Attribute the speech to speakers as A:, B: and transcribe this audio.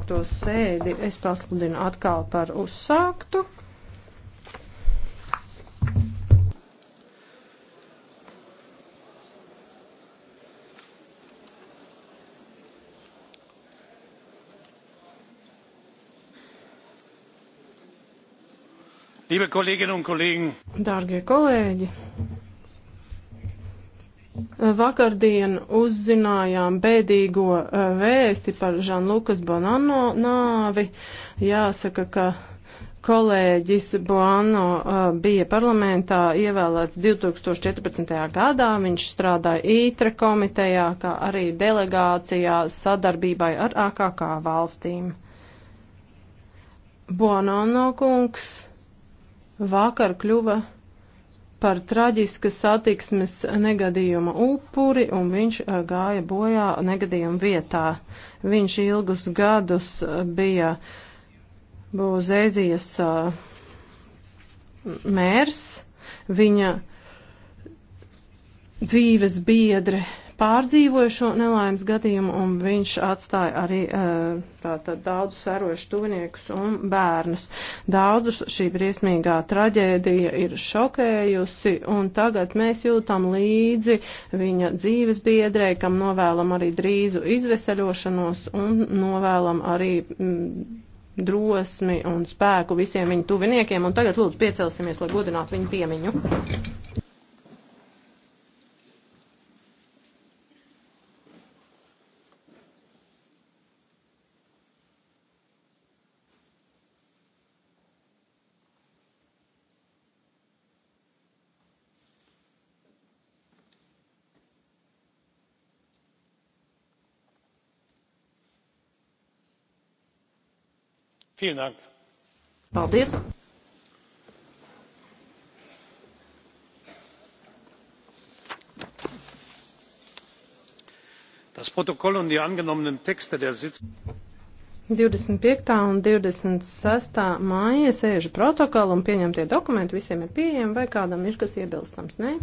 A: pārtraukto sēdi es pasludinu atkal par uzsāktu. Liebe Kolleginnen un Kollegen, Dārgie kolēģi! Vakardien uzzinājām bēdīgo eh, vēsti par Žanlukas Bonanno nāvi. Jāsaka, ka kolēģis Boano eh, bija parlamentā ievēlēts 2014. gadā. Viņš strādāja ītra komitejā, kā arī delegācijā sadarbībai ar AKK valstīm. Boano kungs vakar kļuva par traģiska satiksmes negadījuma upuri, un viņš eh, gāja bojā negadījuma vietā. Viņš ilgus gadus eh, bija Būzēzijas eh, mērs, viņa dzīves biedre pārdzīvoja šo nelaimes gadījumu, un viņš atstāja arī eh, tātad daudzus sarošu tuviniekus un bērnus. Daudzus šī briesmīgā traģēdija ir šokējusi, un tagad mēs jūtam līdzi viņa dzīves biedrē, kam novēlam arī drīzu izveseļošanos un novēlam arī. Mm, drosmi un spēku visiem viņu tuviniekiem, un tagad lūdzu piecelsimies, lai godinātu viņu piemiņu. Paldies! das protokoll und die angenommenen texte der sitzung 25. un 26. māja sēžu protokolu un pieņemtie dokumenti visiem ir pieejami vai kādam ir kas iebilstams? Nē?